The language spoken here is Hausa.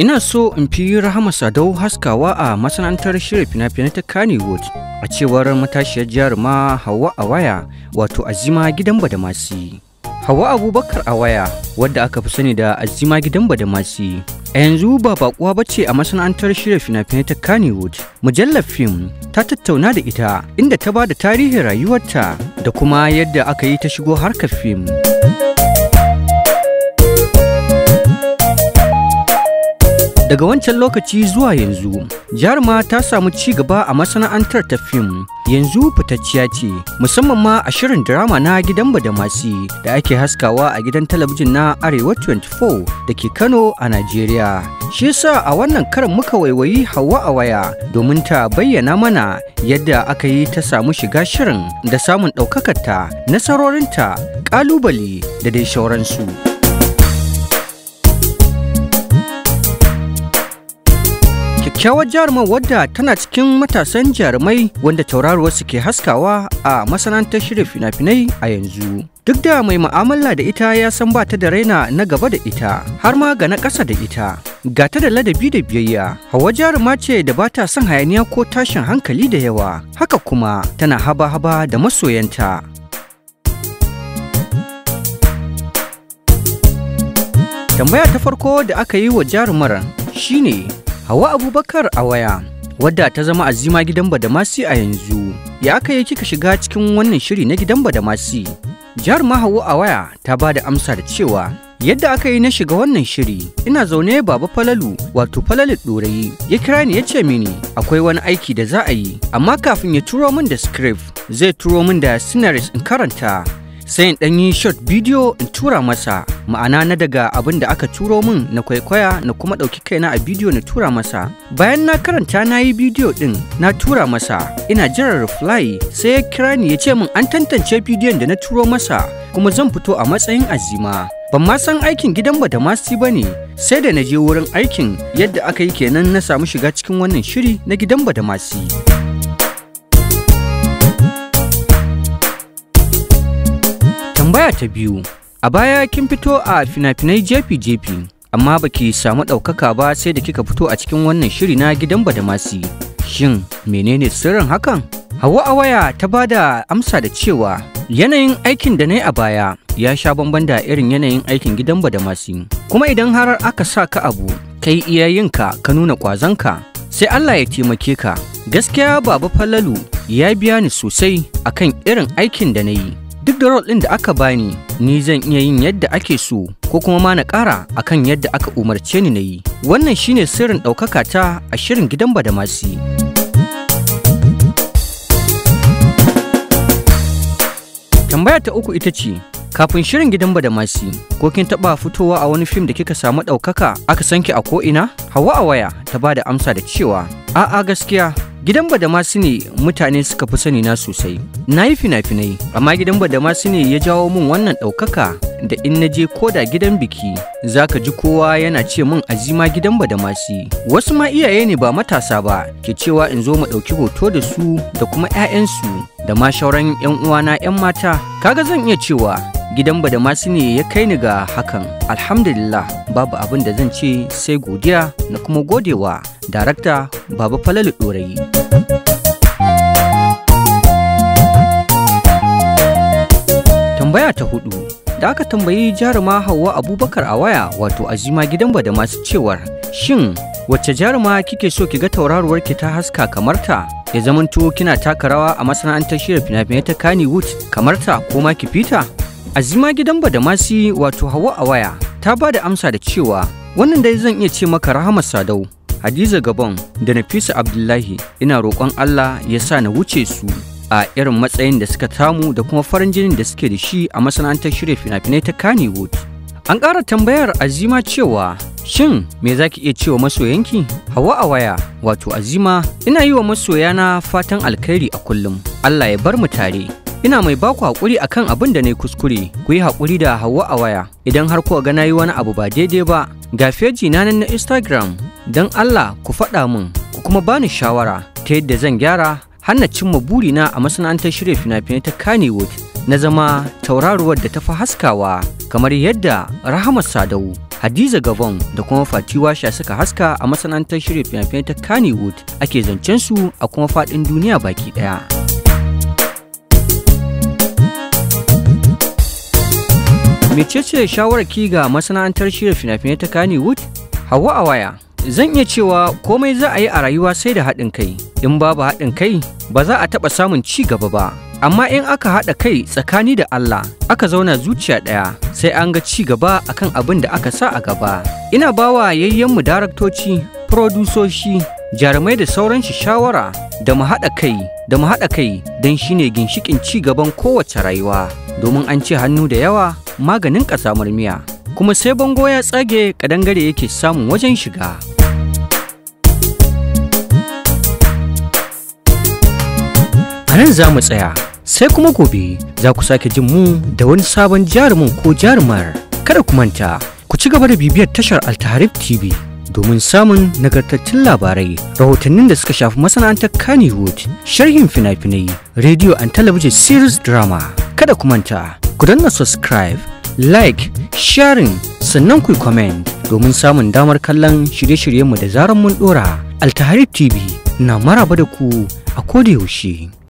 Ina so in fi Rahama Sadau haskawa a masana'antar shirya fina-finai ta Kannywood a cewar matashiyar jaruma Hawa Awaya wato Azima Gidan Badamasi. Hawa Abubakar Awaya wadda aka fi sani da Azima Gidan Badamasi A yanzu ba bakuwa ba ce a masana'antar shirya fina-finai ta Kannywood. Mujallar fim ta tattauna da ita inda ta ba da tarihin rayuwarta da kuma yadda aka yi ta shigo harkar fim. Daga wancan lokaci zuwa yanzu, jaruma ta samu ci gaba a masana'antar ta fim. Yanzu fitacciya ce, musamman ma a shirin drama na gidan Badamasi da ake haskawa a gidan talabijin na Arewa 24 da ke Kano a Najeriya. Shi sa a wannan karan muka waiwayi hawa a waya domin ta bayyana mana yadda aka yi ta samu shiga shirin da samun ɗaukakarta, nasarorinta, ƙalubale da dai sauransu. Kyawar jarumar wadda tana cikin matasan jarumai wanda tauraruwarsu ke haskawa a masana'antar shirin fina-finai a yanzu duk da mai mu'amala da ita ya san ba ta da raina na gaba da ita har ma ga na ƙasa da ita ga ta da ladabi da biyayya hawa jaruma ce da ba ta son hayaniya ko tashin hankali da yawa haka kuma tana haba-haba da masoyanta tambaya ta farko da aka yi wa jarumar shine Hawa Abubakar a waya, wadda ta zama azima gidan Badamasi a yanzu, ya aka yi kika shiga cikin wannan shiri na gidan Badamasi. Jihar hawa a waya ta ba da amsa da cewa yadda aka yi na shiga wannan shiri ina zaune baba falalu wato falalu ɗorayi ya kira ni ya ce mini akwai wani aiki da za a yi amma kafin ya turo min da script zai turo min da scenarist in karanta sai in ɗan yi short bidiyo in tura masa ma'ana na daga abin da aka turo min na kwaikwaya na kuma ɗauki kaina a bidiyo na tura masa bayan na karanta na yi bidiyo ɗin na tura masa ina jiran reply sai ya kira ni ya ce min an tantance bidiyon da na turo masa kuma zan fito a matsayin azima ban ma san aikin gidan ba da masi ba ne sai da na je wurin aikin yadda aka yi kenan na samu shiga cikin wannan shiri na gidan ba da masi. Tambaya ta biyu, a baya kin fito a fina-finai jefi-jefi, amma baki samu ɗaukaka ba sai da kika fito a cikin wannan shiri na gidan Badamasi. Shin menene sirrin hakan? Hawa a waya ta ba da amsa da cewa yanayin aikin da na a baya ya sha bamban da irin yanayin aikin gidan Badamasi. Kuma idan har aka sa ka abu, kai iyayenka ka nuna ƙwazonka, sai Allah ya taimake ka. Gaskiya Baba Falalu ya biya ni sosai akan irin aikin da na yi. duk da rol ɗin da aka bani ni zan iya yin yadda ake so ko kuma ma na ƙara akan yadda aka umarce ni na yi wannan shine sirrin ɗaukaka ta a shirin gidan badamasi tambaya ta uku ita ce kafin shirin gidan badamasi ko kin taɓa fitowa a wani fim da kika samu ɗaukaka aka sanki a ko'ina hawa a waya ta ba da amsa da cewa a'a gaskiya Gidan Badamasu ne mutane suka fi sani na sosai. Na yi fina-finai, amma gidan Badamasu ne ya jawo min wannan ɗaukaka da in na je koda gidan biki, za ka ji kowa yana ce min azima gidan Badamasi. Wasu ma iyaye ne ba matasa ba, ke cewa in zo mu ɗauki hoto da su da kuma 'ya'yansu da ma shauran 'yan uwana 'yan mata. Kaga zan iya cewa gidan badamasi ne ya kai ni ga hakan alhamdulillah babu abin da zan ce sai godiya na kuma godewa darakta baba falalu ɗorayi tambaya ta hudu da aka tambayi jaruma hawa abubakar a waya wato azima gidan ba da masu cewar shin wacce jaruma kike so ki ga tauraruwar ki ta haska kamar ta ya zamanto kina taka rawa a masana'antar shirya fina-finai ta kannywood kamar ta ko ma ki fita Azima gidan Badamasi wato Hawa a waya ta ba da amsa da cewa wannan dai zan iya ce maka Rahama Sadau, Hadiza Gabon da Nafisa Abdullahi ina roƙon Allah ya sa na wuce su a irin matsayin da suka tamu da kuma farin jinin da suke da shi a masana'antar shirya fina-finai ta Kannywood. An ƙara tambayar Azima cewa Shin me za ki iya cewa masoyanki? Hawa a waya, wato azima, ina yi wa masoyana fatan alkhairi a kullum. Allah ya bar mu tare. Ina mai baku haƙuri akan abin da na yi kuskure, ku yi haƙuri da hawa a waya. Idan har kuwa ga na yi wani abu ba daidai ba, ga feji na nan na Instagram, don Allah ku faɗa min, ku kuma bani shawara ta yadda zan gyara hana cimma burina a masana'antar shirya fina-finai ta Kannywood na zama tauraruwar da ta fi haskawa kamar yadda Rahama Sadau Hadiza Gabon da kuma Fatiwa Sha suka haska a masana'antar shirya fina-finai ta Kannywood ake zancen su a kuma faɗin duniya baki ɗaya. mecece shawarar ki ga masana'antar shirin fina-finai ta kannywood hawa a waya zan iya cewa komai za a yi a rayuwa sai da haɗin kai in babu haɗin kai ba za a taɓa samun ci gaba ba amma in aka haɗa kai tsakani da Allah aka zauna zuciya ɗaya sai an ga ci gaba akan abin da aka sa a gaba ina bawa yayyenmu daraktoci furodusoshi jarumai da sauran shi shawara da mu haɗa kai da mu haɗa kai don shine ginshikin ci gaban kowace rayuwa domin an ce hannu da yawa maganin ƙasamar miya kuma sai bango ya tsage ƙadangare yake samun wajen shiga a nan za mu tsaya sai kuma gobe za ku sake jin mu da wani sabon jarumin ko jarumar kada ku manta ku ci gaba da bibiyar tashar Altaharif tv domin samun nagartattun labarai rahotannin da suka shafi masana'antar kannywood sharhin fina-finai rediyo and talabijin series drama kada ku manta ku danna subscribe like sharing sannan ku comment domin samun damar kallon shirye-shiryenmu da zarar mun dora altahari tv na maraba da ku a yaushe.